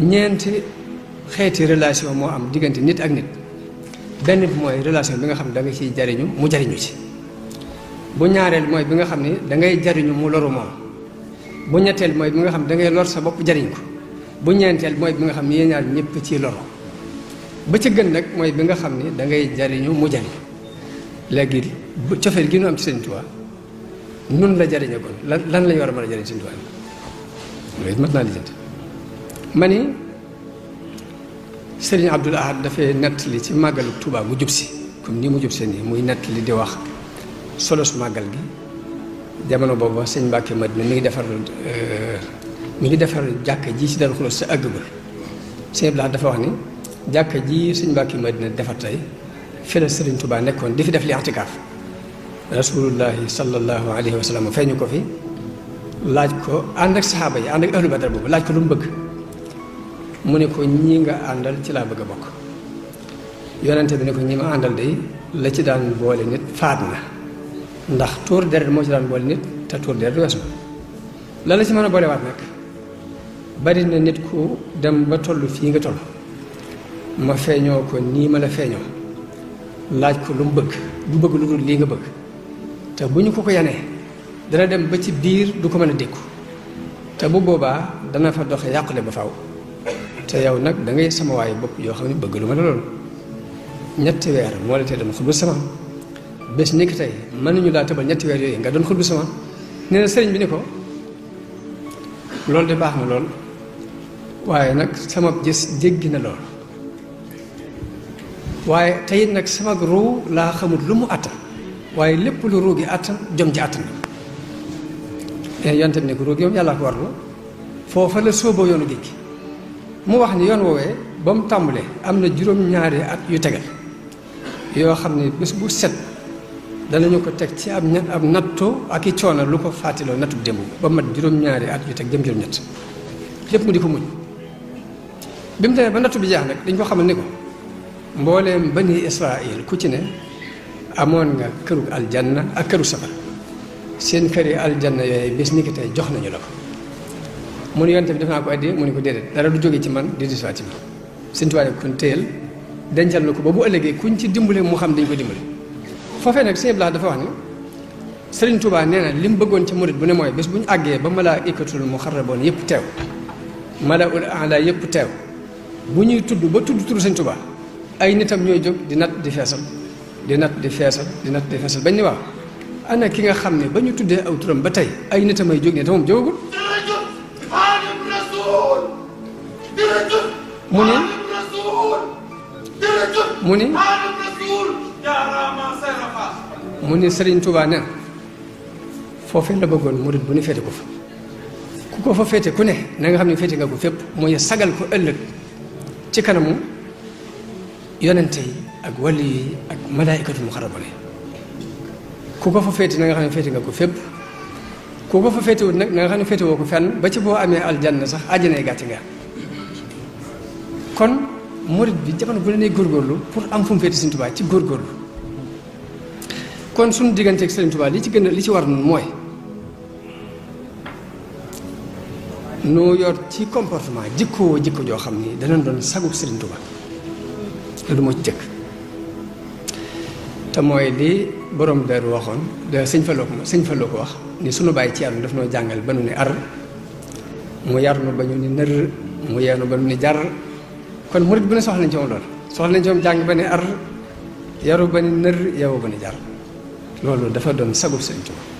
ñeenti xeeti relation moo am diggante nit ak nit benn bi mooy relation bi nga xam ne da nga ciy jariñu mu jariñu ci bu ñaareel mooy bi nga xam ne da ngay jariñu mu loru moom bu ñetteel mooy bi nga xam ne da ngay lor sa bopp jariñ ko bu ñeenteel mooy bi nga xam ne yéen ñaar ñëpp ciy loru ba ca gën nag mooy bi nga xam ne da ngay jariñu mu jariñu léegi cofeel gi ñu am ci Sëñ Tuubaa nun la jariñe kon lan lan la war a mën a jariñ Sëñ Tuubaa mat naa lijjanti ma ni sëriñ Abdul Ahad dafay nettali ci màggalu Tuubaa mu jub si comme nii mu jub si nii muy nettali di wax solos màggal gi jamono booba sëñ Mbàkke Madina mi ngi defar mi ngi defar jàkka ji ci Daaru Xuloos sa àgg ba sëñ Abdul Ahad dafa wax ni jàkka ji sëñ Mbàkke Madina defar tey fi la sëriñ Tuubaa nekkoon di fi def li i'tikaaf rasulullahi sallallahu alayhi wa sallam feeñu ko fi laaj ko ànd ak saxaaba yi ànd ak ahlu badar boobu laaj ko lu mu bëgg mu ne ko ñii nga àndal ci laa bëgg a bokk yonente bi ne ko ñi ma àndal day la ci daan boole nit faat na ndax tuur deret moo ci daan boole nit te tuur deret weesu la la ci mën a waat nag bari na nit ku dem ba toll fii nga toll ma feeñoo ko nii ma la feeñoo laaj ko lu mu bëgg du bëgg lu dul lii nga bëgg te bu ñu ko ko yanee dana dem ba ci biir du ko mën a dékku te bu boobaa dana fa doxe yàqule ba faw te yow nag da ngay sama waayu bopp yoo xam ne bëgg lu ma la loolu ñetti weer moo la tee doon xutbu sama bés ni ki tey mën nañu laa tëbal ñetti weer yooyu nga doon xutbu sama nee na sëriñ bi ni ko loolu de baax na lool waaye nag sama jës jéggi na lool waaye tey nag sama ruu laa xamul lu mu attan waaye lépp lu ruu gi attan jom ji attan na eh, yonte bi ne ko ruu gi moom yàllaa ko warlu foofa la sóoboo yoonu géej mu wax ni yoon woowee ba mu tàmbalee am na juróom-ñaari at yu tegal yoo xam ne bés bu set danañu ko teg ci ab ñett ab nattoo ak i coono lu ko fàttiloo nattu démb ba mat juróom-ñaari at yu teg jëm juróom-ñett lépp mu di ko muñ bi mu demee ba nattu bi jeex nag dañ koo xamal ni ko mbooleem bani Israël ku ci ne amoon nga këru aljanna ak këru safara seen këri aljanna yooyu bés ni ki tey jox nañu la ko mu ne yonte bi def naa ko addiya mu ne ko déedéet dara du jóge ci man di disuwaat ci man Sëñ ko kon téyel dencal la ko ba bu ëllëgee kuñ ci dimbale mu xam dañ ko dimbale foofee nag Sëñ Blaas dafa wax ne Sëriñ Tuubaa nee li mu bëggoon ci murit bu ne mooy bés bu ñu àggee ba malaa'ikatul muxarraboon yëpp teew malaa'ul a'laa yëpp teew bu ñuy tudd ba tudd turu Sëñ Tuubaa ay nitam ñooy jóg di di feesal di nat di feesal di nat di feesal bañ ni waaw ana ki nga xam ne ba ñu tuddee aw turam ba tey ay nitam ay jóg ne te moom jógagul mu ni mu ni mu ni Serigne Touba ne foofee la bëggoon mu bu ni féete ko fa ku ko fa féete ku ne na nga xam ne féete nga ko fépp mooy sagal ko ëllëg ci kanamu yonente yi ak wàll yi ak malaayikatu muxarabone ku ko fa féete na nga xam ne féete nga ko fépp ku ko fa féetewut nag na nga xam ne féetewoo ko fenn ba ci boo amee aljanna sax àjjanay gàtti nga kon murit bi jamono bu ne góorgóorlu pour am fu mu féete Sëriñ Tuubaa ci góorgóorlu kon suñu digganteeg Sëriñ Tuubaa li ci gën a li ci war nun mooy nu yor ci comportement jikko jikko joo xam ni danañ doon sagub Sëriñ Tuubaa loolu moo ci jëkk te mooy li borom waxoon da sëñ Fallou ko wax ni sunu bàyyi ci yàlla daf noo jàngal ba nu ne ar mu yar nu ba ñu ni nër mu yeenu ba nu ni jar kon murit bu ne soxla nañ ci moom lool soxla nañ moom jàng ba ne ar yaru ba ne nër yow ba ne jar loolu dafa doon sagub Sëriñ Tuubaa